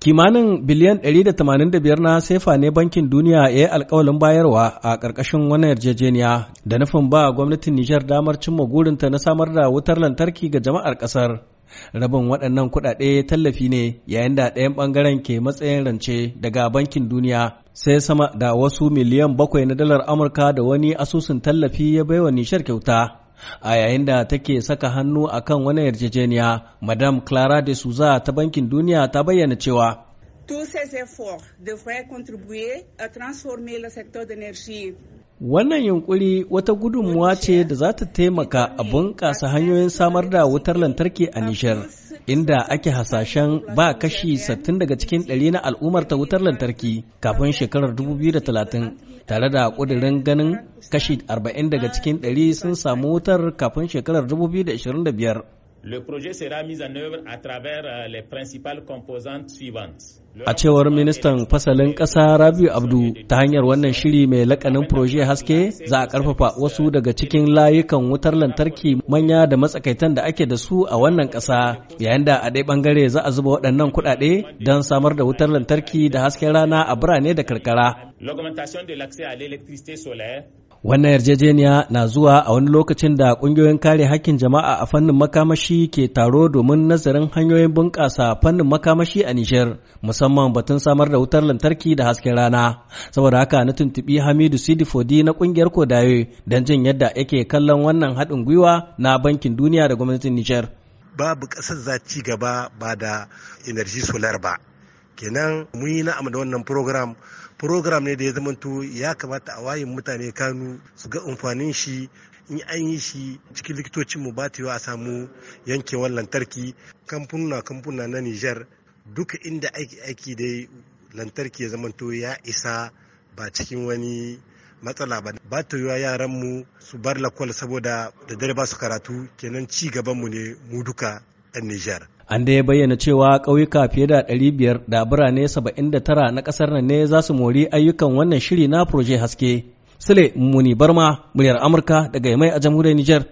Kimanin biliyan 185 na sefa ne bankin duniya ya yi alkawalin bayarwa a ƙarƙashin wani yarjejeniya da nufin ba gwamnatin Nijar damar cimma gurinta na samar da wutar lantarki ga jama'ar ƙasar. Rabin waɗannan kuɗaɗe tallafi ne yayin da ɗayan ɓangaren ke matsayin rance daga bankin duniya sai sama da wasu miliyan bakwai na dalar Amurka da wani asusun tallafi ya baiwa Nishar kyauta. a yayin da take saka hannu a kan wani yarjejeniya madam clara de souza ta bankin duniya ta bayyana cewa Wannan yunkuri wata gudunmuwa ce da za ta taimaka a bunƙasa hanyoyin samar da wutar lantarki a Nishar. inda ake hasashen ba kashi 60 daga cikin ɗari na al'ummar ta wutar lantarki kafin shekarar 2030 tare da ƙudurin ganin kashi 40 daga cikin ɗari sun samu wutar kafin shekarar 2025 Le projet sera mis en œuvre à travers euh, les principales composantes suivantes. A cewar ministan fasalin ƙasa Rabi Abdu ta hanyar wannan shiri mai lakanin proje haske za a ƙarfafa wasu daga cikin layukan wutar lantarki manya da matsakaitan da ake da su a wannan ƙasa yayin da a ɗaya ɓangare za a zuba waɗannan kuɗaɗe don samar da wutar lantarki da hasken rana a birane da karkara. L'augmentation de l'accès à l'électricité solaire Wannan yarjejeniya na zuwa a wani lokacin da ƙungiyoyin kare hakkin jama'a a fannin makamashi ke taro domin nazarin hanyoyin bunƙasa fannin makamashi a Nijar, musamman batun samar da wutar lantarki da hasken rana. Saboda haka na tuntuɓi Hamidu Sidi Fodi na ƙungiyar Kodaye don jin yadda yake kallon wannan haɗin gwiwa na Bankin Duniya da gwamnatin Nijar. Babu ƙasar za ci gaba ba da energy solar ba. kenan mun yi na'am da wannan program program ne da ya zamanto ya kamata a wayin mutane kanu su ga amfanin shi in an yi shi cikin likitocin mu ba ta a samu yankewar lantarki kamfuna kamfuna na Niger duka inda aiki aiki dai lantarki ya zamanto ya isa ba cikin wani matsala ba ba ta yiwa yaran mu su bar lakwal saboda da dare ba su karatu kenan ci gaban mu ne mu duka 'yan Nijar. An da ya bayyana cewa ƙauyuka fiye da 500 da birane 79 na ƙasar nan ne za su mori ayyukan wannan shiri na Proje Haske. Sule Muni Barma, muryar Amurka daga Yamai a jamhuriyar Nijar.